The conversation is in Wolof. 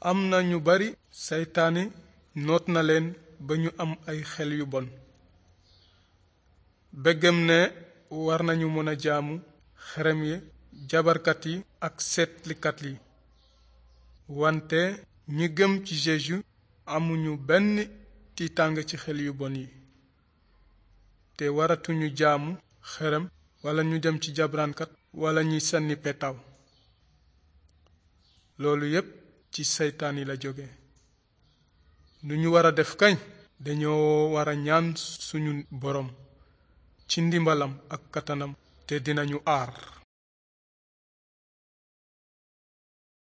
am na ñu bari seytaane noot na leen ba ñu am ay xel yu bon bëggam ne war nañu mën a jaamu xerem yi jabarkat yi ak seetlikat yi wante ñi gëm ci Jésus amuñu benn tiitàng ci xel yu bon yi te waratuñu jaamu xerem wala ñu dem ci jabraankat wala ñuy sànni petaaw loolu yépp ci seytaan yi la jóge nu ñu war a def kañ dañoo war a ñaan suñu boroom ci ndimbalam ak kattanam te dinañu aar